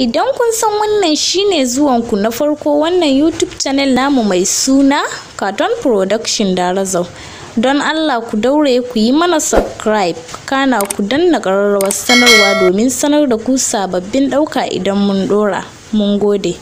Idan kun san wannan shine zuwanku na farko wannan YouTube channel namu mai suna Cartoon Production Darazau. Don Allah ku daure ku yi mana subscribe, kana ku danna ƙararrawar sanarwa domin sanar da ku sababbin ɗauka idan mun ɗora. Mun gode.